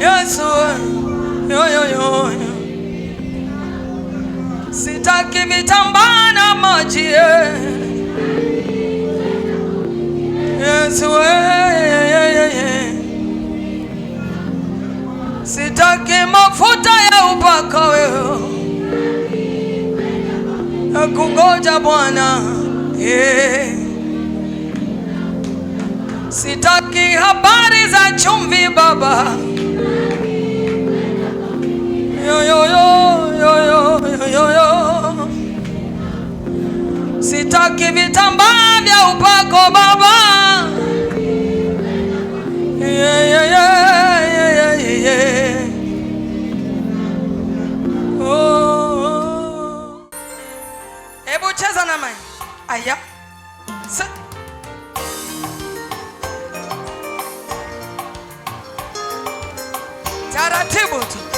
Yesu yo, yo, yo. Sitaki mitambana maji eh. Yesu eh, eh, Sitaki mafuta ya upako wewe. Nakungoja Bwana Sitaki habari za chumvi Baba kivitambaa vya upako Baba, yeah, yeah, yeah, na mai aya S taratibu tu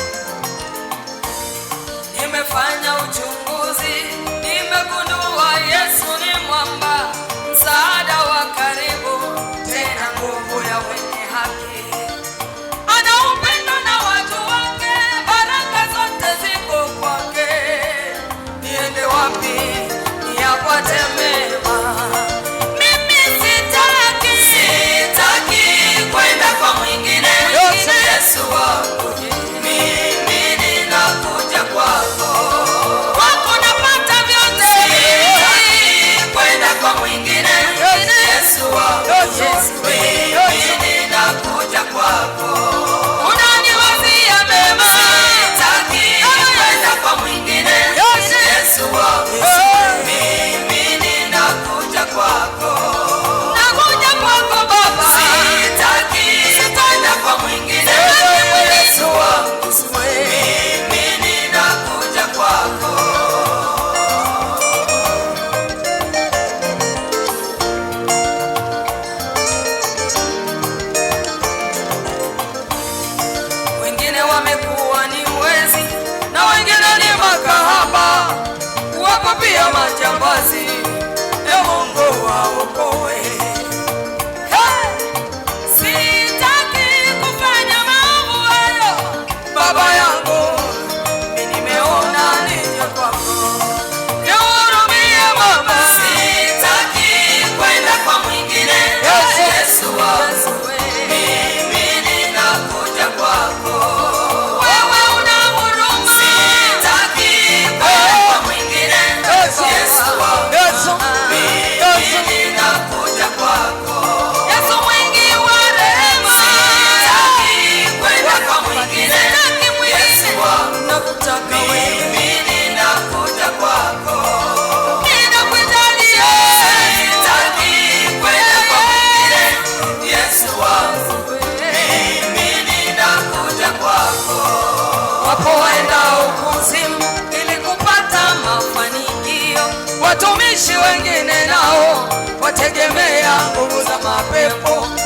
simu ili kupata mafanikio. Watumishi wengine nao wategemea nguvu za mapepo.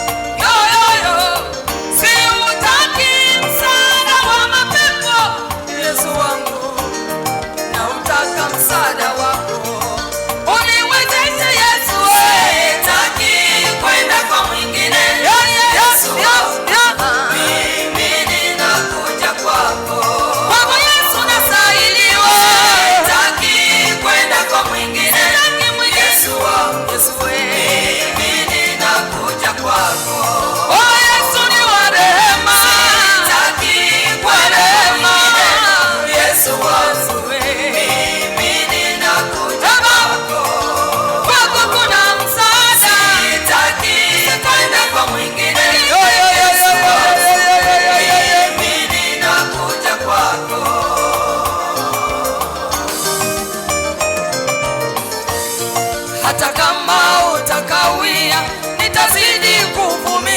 hata kama utakawia, nitazidi kuvumilia.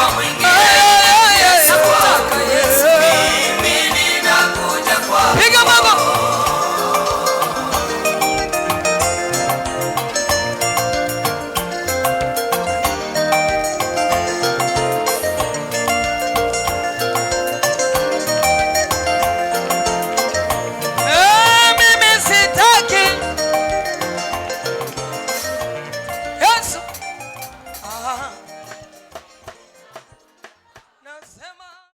what we get.